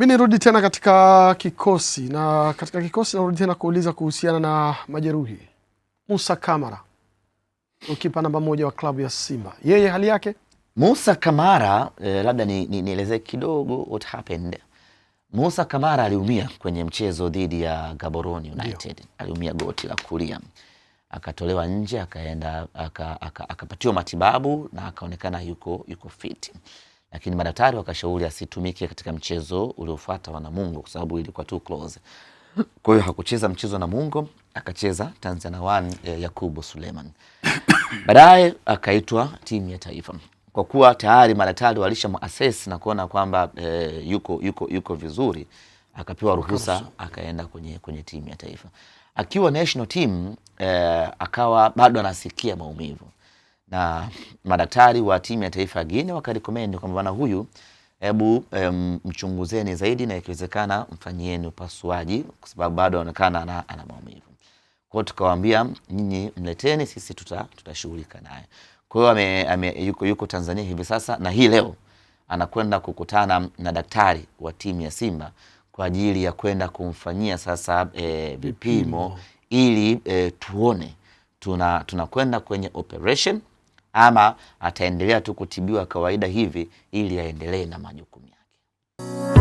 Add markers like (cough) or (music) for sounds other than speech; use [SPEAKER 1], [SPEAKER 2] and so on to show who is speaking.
[SPEAKER 1] Mi nirudi tena katika kikosi na katika kikosi narudi tena kuuliza kuhusiana na majeruhi. Musa Kamara, ukipa namba moja wa klabu ya Simba, yeye hali yake
[SPEAKER 2] Musa Kamara eh, labda nielezee ni, kidogo what happened. Musa Kamara aliumia kwenye mchezo dhidi ya Gaborone United aliumia goti la kulia akatolewa nje akaenda akapatiwa aka, aka matibabu na akaonekana yuko, yuko fiti lakini madaktari wakashauri asitumike katika mchezo uliofuata wa Namungo kwa sababu ilikuwa too close. Kwa hiyo hakucheza mchezo na Namungo, akacheza Tanzania One ya eh, Yakubu Suleiman. (coughs) Baadaye akaitwa timu ya taifa kwa kuwa tayari madaktari walishamassess na kuona kwamba eh, yuko, yuko, yuko vizuri, akapewa ruhusa akaenda kwenye, kwenye timu ya taifa. Akiwa national team eh, akawa bado anasikia maumivu na madaktari wa timu ya taifa ya Guinea wakarekomendi kwamba bwana huyu hebu mchunguzeni zaidi na ikiwezekana mfanyieni upasuaji kwa sababu bado anaonekana ana, ana maumivu. Kwa hiyo tukawaambia nyinyi mleteni sisi tuta, tutashughulika naye. Kwa hiyo yuko, yuko Tanzania hivi sasa na hii leo anakwenda kukutana na daktari wa timu ya Simba kwa ajili ya kwenda kumfanyia sasa e, vipimo ili e, tuone tunakwenda tuna kwenye operation ama ataendelea tu kutibiwa kawaida hivi ili aendelee na majukumu yake.